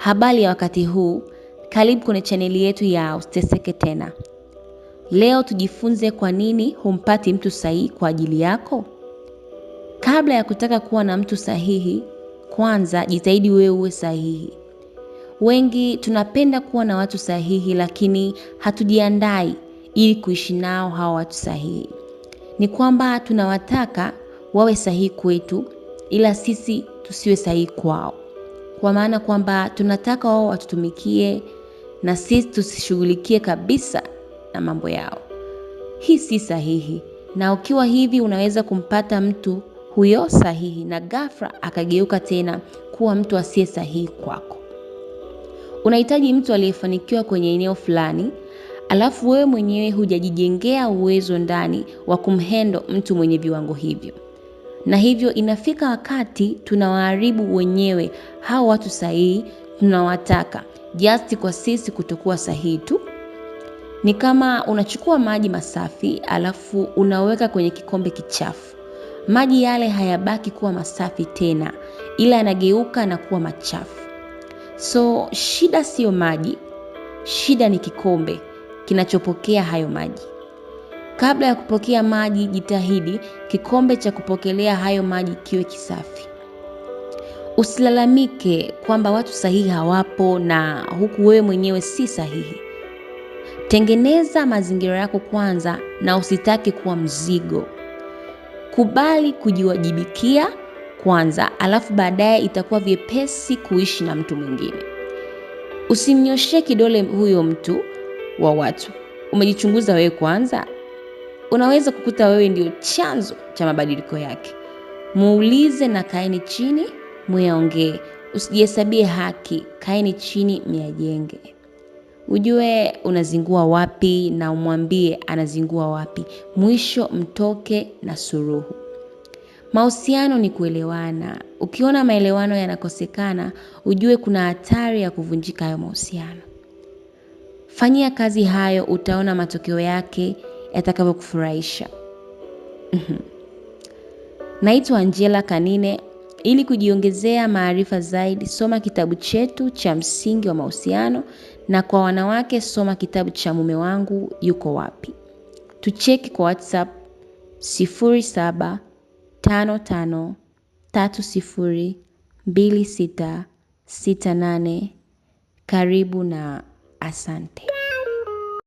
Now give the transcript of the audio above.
Habari ya wakati huu, karibu kwenye chaneli yetu ya Usiteseke Tena. Leo tujifunze kwa nini humpati mtu sahihi kwa ajili yako. Kabla ya kutaka kuwa na mtu sahihi, kwanza jitahidi wewe uwe sahihi. Wengi tunapenda kuwa na watu sahihi, lakini hatujiandai ili kuishi nao hawa watu sahihi. Ni kwamba tunawataka wawe sahihi kwetu, ila sisi tusiwe sahihi kwao kwa maana kwamba tunataka wao watutumikie na sisi tusishughulikie kabisa na mambo yao. Hii si sahihi, na ukiwa hivi unaweza kumpata mtu huyo sahihi na ghafla akageuka tena kuwa mtu asiye sahihi kwako. Unahitaji mtu aliyefanikiwa kwenye eneo fulani, alafu wewe mwenyewe hujajijengea uwezo ndani wa kumhendo mtu mwenye viwango hivyo na hivyo inafika wakati tunawaharibu wenyewe hawa watu sahihi tunawataka jasti kwa sisi kutokuwa sahihi tu. Ni kama unachukua maji masafi alafu unaweka kwenye kikombe kichafu. Maji yale hayabaki kuwa masafi tena, ila yanageuka na kuwa machafu. So shida siyo maji, shida ni kikombe kinachopokea hayo maji. Kabla ya kupokea maji, jitahidi kikombe cha kupokelea hayo maji kiwe kisafi. Usilalamike kwamba watu sahihi hawapo na huku wewe mwenyewe si sahihi. Tengeneza mazingira yako kwanza na usitaki kuwa mzigo. Kubali kujiwajibikia kwanza, alafu baadaye itakuwa vyepesi kuishi na mtu mwingine. Usimnyoshee kidole huyo mtu wa watu. Umejichunguza wewe kwanza? unaweza kukuta wewe ndio chanzo cha mabadiliko yake. Muulize na kaeni chini muyaongee, usijihesabie haki. Kaeni chini myajenge, ujue unazingua wapi na umwambie anazingua wapi. Mwisho mtoke na suruhu. Mahusiano ni kuelewana. Ukiona maelewano yanakosekana, ujue kuna hatari ya kuvunjika hayo mahusiano. Fanyia kazi hayo, utaona matokeo yake yatakavyokufurahisha. Mhm. Naitwa Angela Kanine. Ili kujiongezea maarifa zaidi, soma kitabu chetu cha Msingi wa Mahusiano, na kwa wanawake, soma kitabu cha Mume wangu yuko wapi. Tucheki kwa WhatsApp 0755302668. Karibu na asante.